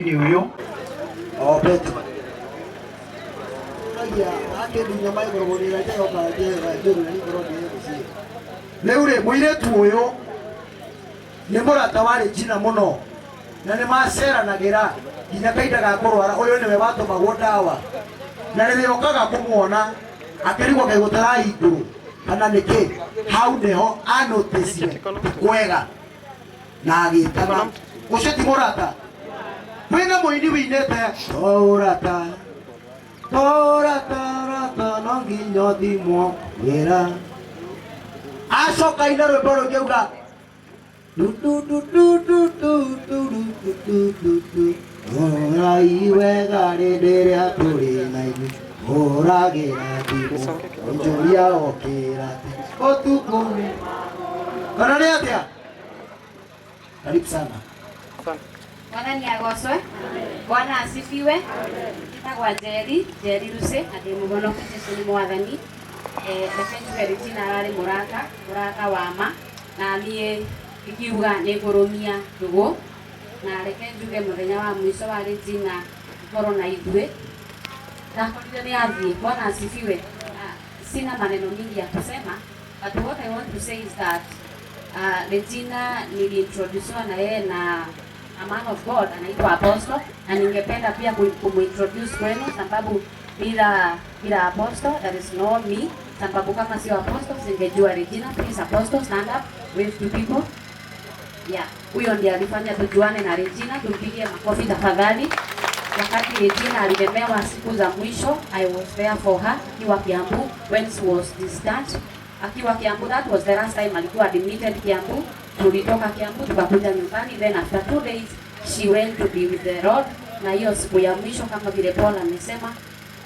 huyo riu ri muiretu uyu ni murata wari njina muno na ni maceranagira nginya kaida ga kurwara uyu niwe watumagwo ndawa na riria okaga kumuona akirigwo kaigutara iguru kana niki hau niho anoticie kwega na agitana ucio ti murata Pena moini vinete. Torata. Torata rata nanginyo di mo vera. Aso kaina reparo keuga. Du du du du du du du du du du du. Ora iwe gare dere atore naini. Ora gera di mo. Onjoria okera. Otu kome. Karare atia. Karibu sana. Bwana ni agocwe Bwana asifiwe. Nditagwa Njeri Njeri Rusi na ndi mũhonoku Jesũ nĩ Mwathani. Eh, reke njuge Regina ararĩ mũrata mũrata wa ma na niĩ ikiuga nĩ ngũrũmia na reke njuge mũthenya wa mũico wa Regina ngorwo na ithuĩ ndakorire nĩ athiĩ. Bwana asifiwe. Ah, sina maneno mingi ya kusema but what I want to say is that uh, ah, Regina niliintroducewa na yeye na a man of God anaitwa Apostle, na ningependa pia kumintroduce kwenu, sababu bila bila Apostle there is no me, sababu kama sio Apostle singejua Regina. Please Apostle, stand up, with two people. Yeah, huyo ndiye alifanya tujuane na Regina. Tumpigie makofi tafadhali. Wakati Regina alilemewa siku za mwisho, I was there for her akiwa Kiambu when she was discharged, akiwa Kiambu. That was the last time alikuwa admitted Kiambu tulitoka Kiambu tukakuja nyumbani, then after two days she went to be with the Lord. Na hiyo siku ya mwisho kama vile Paul amesema,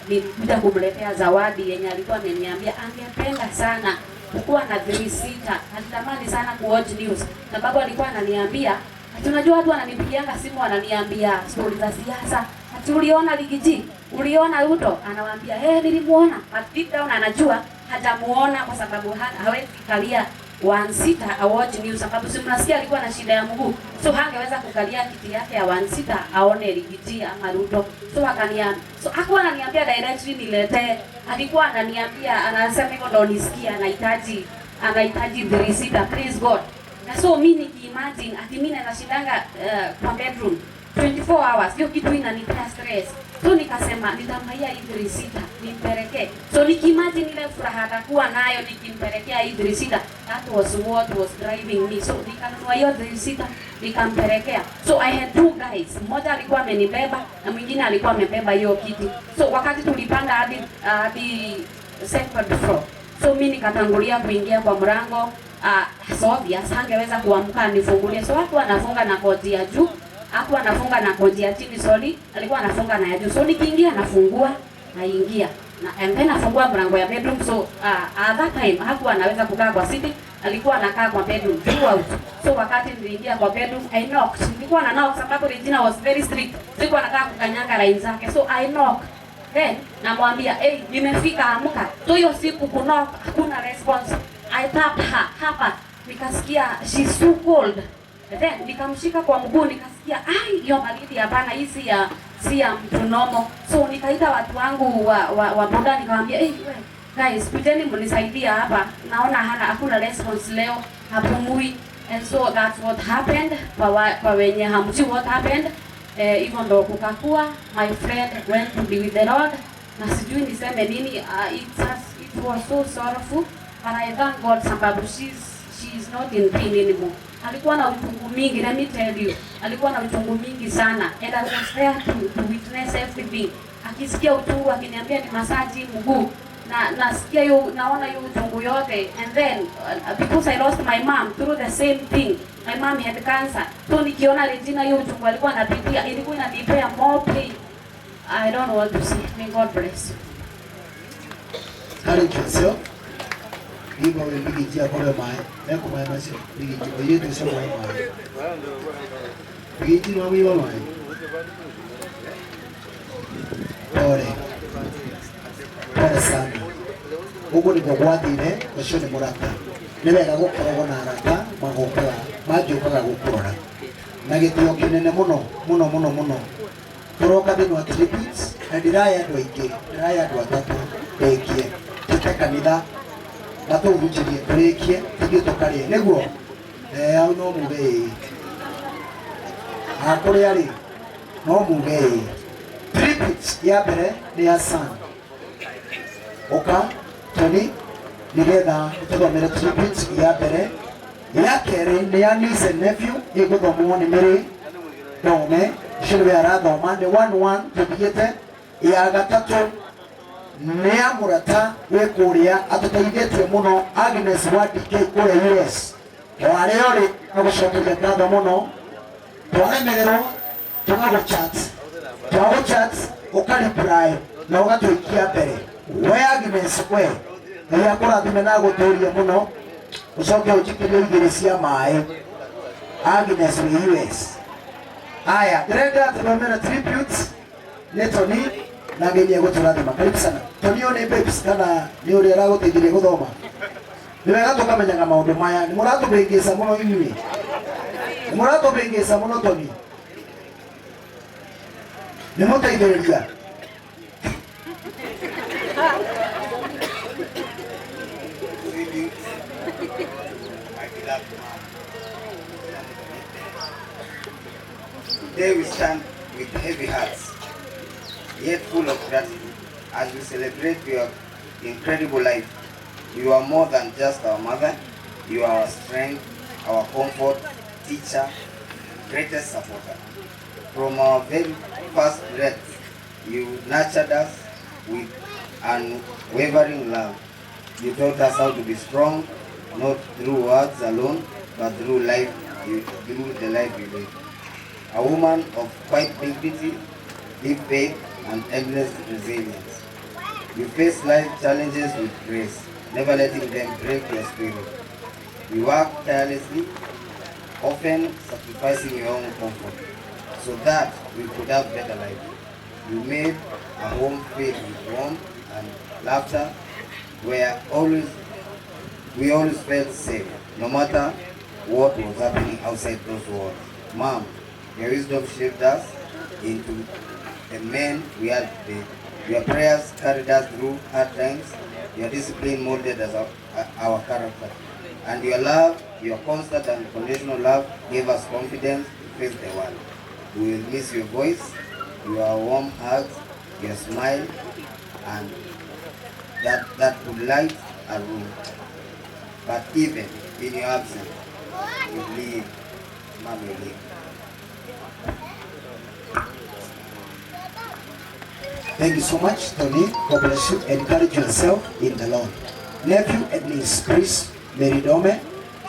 nilikuja kumletea zawadi yenye alikuwa ameniambia angependa sana kukuwa na sita. alitamani sana watch news, na baba alikuwa ananiambia tunajua watu wananipigianga simu wananiambia stori za siasa, ati uliona Ligiji, uliona Ruto? Anawaambia eh, hey, nilimuona. But deep down anajua hajamuona kwa sababu hawezi kalia Wansita award news, sababu si mnasikia alikuwa na shida ya mguu, so hangeweza kukalia kiti yake ya Wansita aone Rigiti ama Ruto. So akaniambia, so hakuwa ananiambia directly niletee, alikuwa ananiambia, anasema hivyo ndo nisikia, anahitaji anahitaji three seater, please God. Na so mimi nikiimagine ati mimi nashindanga uh, eh, kwa bedroom 24 hours, hiyo kitu inanipea stress So nikasema nitamwambia Idrisita nimpelekee. So nikimagine ile furaha atakuwa nayo nikimpelekea Idrisita. That was what was driving me. So nikanunua hiyo Idrisita nikampelekea. So I had two guys. Mmoja alikuwa amenibeba na mwingine alikuwa amebeba hiyo kiti. So wakati tulipanda hadi hadi second floor. So mimi nikatangulia kuingia kwa mlango. Uh, so obvious angeweza kuamka nifungulie. So watu wanafunga na koti ya juu hapo anafunga na konji ya chini soli, alikuwa anafunga na ya juu. So nikiingia anafungua naingia na and then afungua mlango ya bedroom. So uh, at that time hakuwa anaweza kukaa kwa city, alikuwa anakaa kwa bedroom throughout. So wakati niliingia kwa bedroom I knock. nilikuwa na knock sababu Regina was very strict, sikuwa anakaa kukanyaga line zake. So I knock then namwambia hey, nimefika amka. So hiyo siku kuna hakuna response. I tapped her hapa, nikasikia she's so cold, then nikamshika kwa mguu nika nikasikia ai, hiyo baridi hapana, hii si ya si ya mtu nomo. So nikaita watu wangu wa wa, wa boda nikamwambia, hey, guys, piteni mnisaidia hapa, naona hana hakuna response leo, hapumui. And so that's what happened. Kwa, kwa wenye hamjui what happened eh, hivyo eh, ndo kukakuwa my friend went to be with the Lord, na sijui niseme nini. Uh, it, has, it was so sorrowful but I thank God sababu she's she is not in pain anymore. Alikuwa na uchungu mingi, let me tell you, alikuwa na uchungu mingi sana, and I was there to, to witness everything. Akisikia uchungu akiniambia ni masaji mguu na nasikia yu, naona hiyo uchungu yote, and then uh, because I lost my mom through the same thing, my mom had cancer, so nikiona Regina hiyo uchungu alikuwa anapitia ilikuwa inanipea more pain. I don't know what to say. May God bless you. Thank you. sir. Lima ulipigijia kole mae neko mae masi pigiji oye tu sema mae mae pigiji no mi mae pole pole sana huko ni gwathire ucio ni murata ni wega gukoragwo na arata magukora mangiukaga gukurora na gitio kinene muno muno muno muno turoka thini wa Philippines na ndiraya andu aingi ndiraya andu atatu ndengie tete kanitha na tugucerie turikie ithuĩ tũkarĩe nĩguo au eh, no muge ĩĩ na kũrĩa rä no muge ĩĩ tripit ya mbere nä ya sun ũka toni nĩgetha ũtũthomere tripit ya mbere ya kerĩ nĩ ya niece and nephew ĩgũthomwo nĩ mĩrĩ thome cĩrwe arathoma nĩ tå one te ya gatatũ nea murata wä kå rä a atåteithä må no Agnes wa DK kå a US warä o rä ngatho må no twaremererwo tågagå chat twagå chat å kariply na å gatå ikia mbere we Agnes we ngai akå na gå tå ria må no å coke cia maä Agnes US aya ndä renda atä mamena tribute na ngenyia gutura thima karibu sana tonio ni babes kana ni uri ara guteithirie guthoma ni wega tukamenyaga maundu maya ni muratu bengesa muno inyui ni muratu bengesa muno toni ni muteithĩrĩria There we stand with heavy hearts. yet full of gratitude. As we celebrate your incredible life, you are more than just our mother, you are our strength, our comfort, teacher, greatest supporter. From our very first breath, you nurtured us with unwavering love. You taught us how to be strong, not through words alone, but through life, you, through the life you live. A woman of quite dignity, deep faith, and endless resilience. You face life challenges with grace, never letting them break your spirit. You work tirelessly, often sacrificing your own comfort, so that we could have better life. You made a home filled with warmth and laughter, where always we always felt safe, no matter what was happening outside those walls. Mom, your wisdom shaped us into the men, we had your prayers carried us through hard times, your discipline molded us our, uh, our character, and your love, your constant and conditional love gave us confidence to face the world. We will miss your voice, your warm hugs, your smile, and that, that would light a room. But even in your absence, we leave, Mom, we live. Thank you so much, Tony. God bless you. Encourage yourself in the Lord. Nephew and his priest, Mary Dome,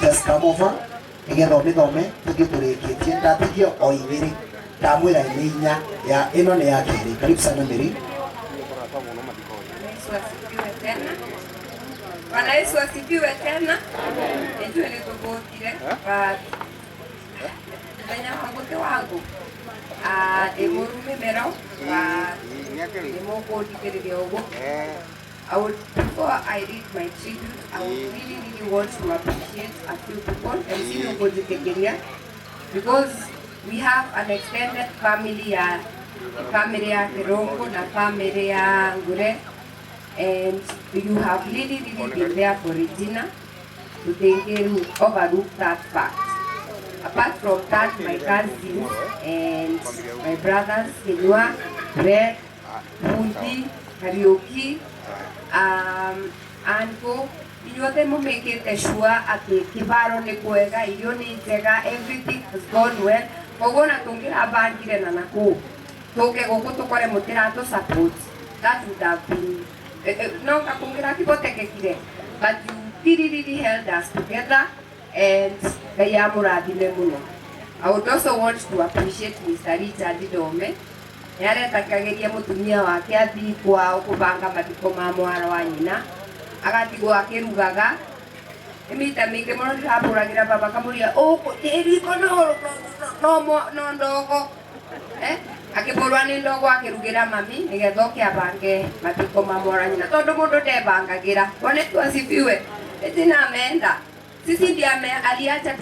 just come over. Nigetha mithome tuthie turikitie ndatigio o igiri ndamwira ni inya ya ino ni ya keri karibu sana Mary. Bwana Yesu asifiwe tena. Nijue nitugukire eh? eh? muthenya wa nguki wangu ah, ndi murumimiro wa I would, before I read my children, I would really, really want to appreciate a few people and see no go Kenya because we have an extended family a family a Kirongo a family a Ngure and you have really, really been there for Regina to take care overlook that fact. Apart from that, my cousins and my brothers, Senua, Brett, Bundi, Kariuki, um, Anko, inyothe mumikite sure ati kibaro ni kwega irio ni njega everything has gone well koguo na tungirabangire na naku tuke guku tukore mutiratu support that would have been eh, eh, no kakungira kibotekekire but you really really held us together and ngai amurathime muno I would also want to appreciate Mr. Richard Dome niaretakagiria mutumia wake athii kwao kubanga mathiko ma mwara wa nyina agatigwo akirugaga imita mingi muno ndirahuragira baba kamuria uku riko no ndogo eh? akibulwa ni ndogo akirugira mami nigetha uke abange mathiko ma mwara nyina tondu mundu ndebangagira onetu asifiwe eti namenda sisi ndiame aliacha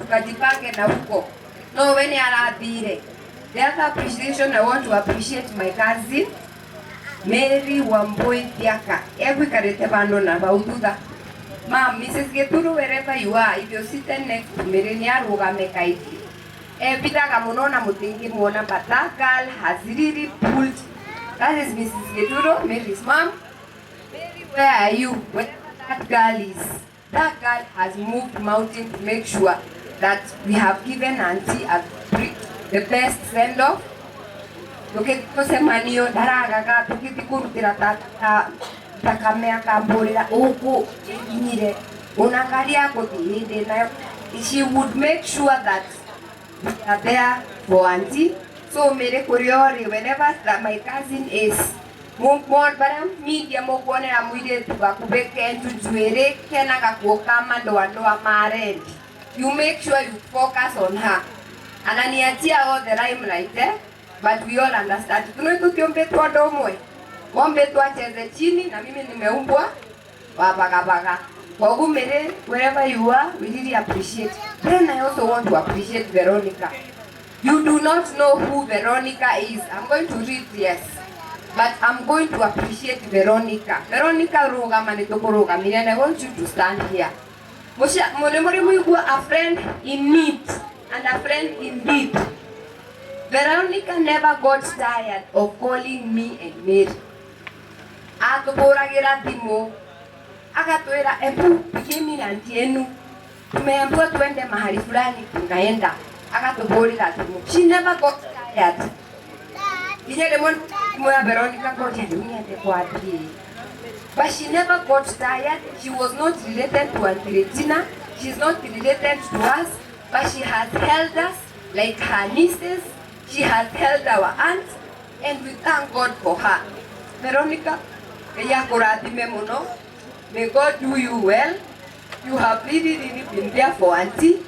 tukajipange na huko no ni arathire There's appreciation. I want to appreciate my cousin Mary Wambui Thiaka. Egwikarite vandu na vau thutha. Ma'am, Mrs. Gituru wherever you are, if you sit next to me, ni arugame kaingĩ. Epitaga muno na mutingĩmuona but that girl has really pulled. That is Mrs. Gituru, Mary's mom. Mary, where are you? Wherever that girl is, that girl has moved mountain to make sure that we have given auntie a the best send off tukitusema nio ndaragaga tukithi kurutira thakame akamburira uku inyire una ngari ya kuthi hindi nayo she would make sure that we are there for auntie so mere kuriori whenever that my cousin is mukwon bara media mukwonera muiretu gakube kentu njwiri kena gakuo kama ndoa a marendi you make sure you focus on her ananiatia ananiachia othe limelight eh? But we all understand. Tunoitu tiumbetwa ndo umwe. Wombetwa cheze chini na mimi nimeumbwa wa baga Kwa gumere wherever you are, we really appreciate. Then I also want to appreciate Veronica. You do not know who Veronica is. I'm going to read yes. But I'm going to appreciate Veronica. Veronica roga mani tokoroga. Miriam, I want you to stand here. Musha, mune muri muigua a friend in need. and a friend indeed. Veronica never got tired of calling me and Mary. Atũhũragĩra thimũ, agatwĩra ebu pigeni na ndienu. Tumeambiwa twende mahali fulani tunaenda. Agatũhũrĩra thimũ. She never got tired. Nginya rĩmwe thimũ ya Veronica ngoria rĩu nĩathiĩ kwambie. But she never got tired. She was not related to Aunt She is not related to us. But she has held us like her nieces. She has held our aunts, and we thank God for her. Veronica, May God do you well. You have really, really been there for auntie.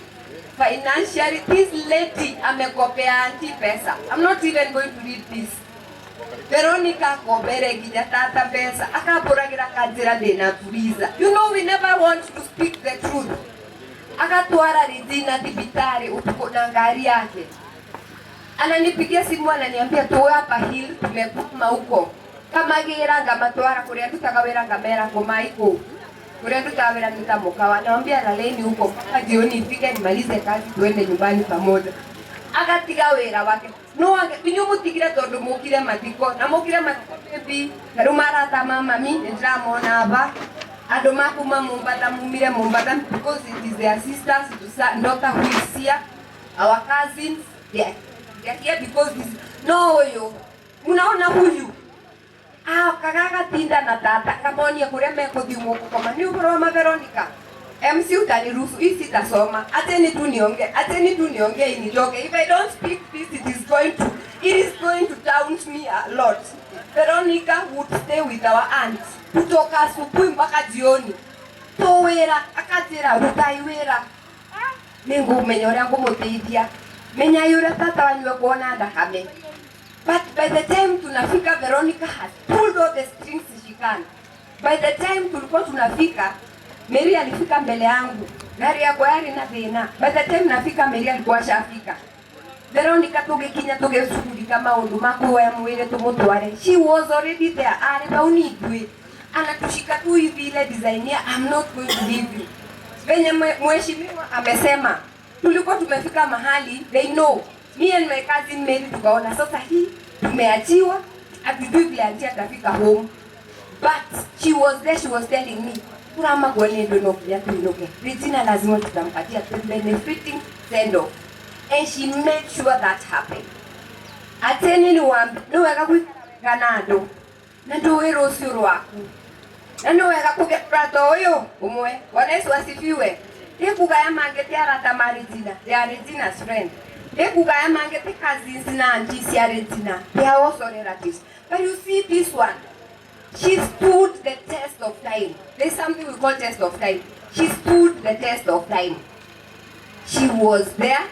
Financially, this lady amekopea auntie pesa. I'm not even going to read this. Veronica koberegija tata pesa akamburagira kanjira ndina tuliza. You know we never want to speak the truth. akatwara Ridhina thibitari utuko na ngari yake. Ananipigia simu ananiambia, tuwe hapa hill tumekuma huko kamagira ngamatwara kuria tutagawira ngamera ngumaiku kuria tutawira nitamukawa naambia laleni huko mpaka jioni ifike nimalize kazi tuende nyumbani pamoja. Agatiga wira wake no wange binyu mutigire tondu mukire matiko na mukire matiko bibi na rumara ta mama mi ndramona aba andå makuma Mombatha mumire Mombatha because it is their sisters to daughter who is here our cousins they are, they are here because this no yo munaona huyu ah kagagatinda na tata kamonie kuria mekuthi mukukoma ni uhoro wa maveronica MC utaniruhusu hii sitasoma acha ni tu nionge acha ni tu if I don't speak this it is going to it is going to taunt me a lot Veronica would stay with our aunt kutoka asubuhi mpaka jioni tu wira akajira rutai wira ningumenya uria ngumuteithia menyai uria tata wanyue kuona ndakame but by the time tunafika Veronica has pulled all the strings she can by the time tulikuwa tunafika Mary alifika mbele yangu gari yako yari na thina by the time nafika Mary alikuwa ashafika Veronica tugikinya tugicurika maundu makuoya mwire tumutware she was already there are bau nithwi anatushika tu hivi ile design ya I'm not going to leave you. Venye mheshimiwa amesema tulikuwa tumefika mahali they know me and my cousin Mary tukaona sasa hii tumeachiwa, atujui vile anti atafika home but she was there, she was telling me kurama ndio ndio kuja ndio Regina lazima tutampatia the benefiting send off and she made sure that happened. Ateni ni wambi ni gwikaraga na andu na nduwi rucio rwaku na nä wega kå getå ta å yå å mwe bwana yesu asifiwe rä ngugaya mangä te arata marejina ya rejina friend rä ngugaya mangä te cousins na anti cia rejina they are also relatives but you see this one she stood the test of time there is something we call test of time she stood the test of time she was there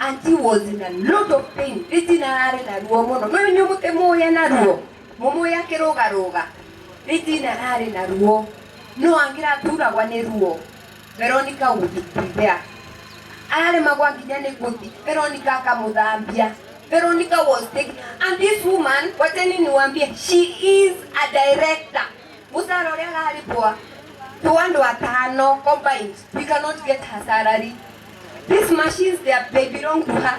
anti was in a lot of pain rejina ararä na ruo må no no inyå må tä må na ruo må ya kä rå ga ritina rarĩ na ruo no angĩraturagwa nĩ ruo Veronica gũthikithia araremagwa nginya nĩ gũthi veronika akamũthambia Veronica was taking and this woman wacheni niwaambie she is a director mũcara ũrĩa ararĩhwa to andũ atano combined we cannot get her salary these machines they are they belong to her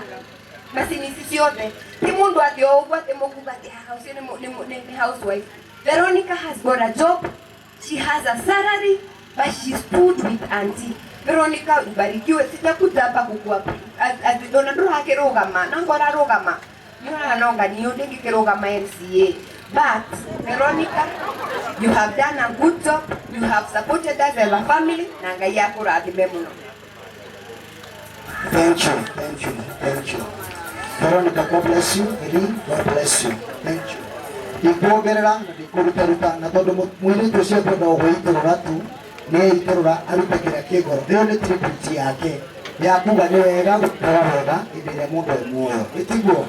macini ici ciothe ti mundu atĩ o ũguo atĩ mũkuga atĩ haha ũcio housewife Veronica has got a job, she has a salary, but she stood with auntie. Veronica ubarikiwe, sijakuja hapa kukua ona ndo hakirugama nangu ararugama nionaga nonga niyo ndingikirugama MCA but Veronica you have done a good job you have supported us as a family na ngai akurathime muno Thank you, thank you, thank you. Veronica, God bless you. Really, God bless you. Thank you ndikuogerera na ndikũrutaruta na tondu mwĩrĩtu ũcio ndendaga gwĩitĩrũra tu nĩeitũrũra arute kĩrĩa kĩ ngoro ĩyo nĩ tripit yake ya kuga nĩ wega gũtũra wega hĩndĩ ĩrĩa mũndũ e muoyo ĩtiguo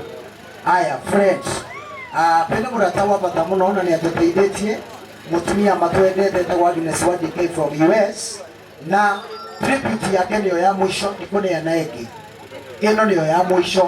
aya friends ah, kwĩna mũrata wa bata mũno na nĩ atũteithĩtie mũtumia matwendete etagwo Agnes wa from US na tribute yake nĩyo ya mũico ikuneana ĩngĩ ĩno nĩyo ya mũico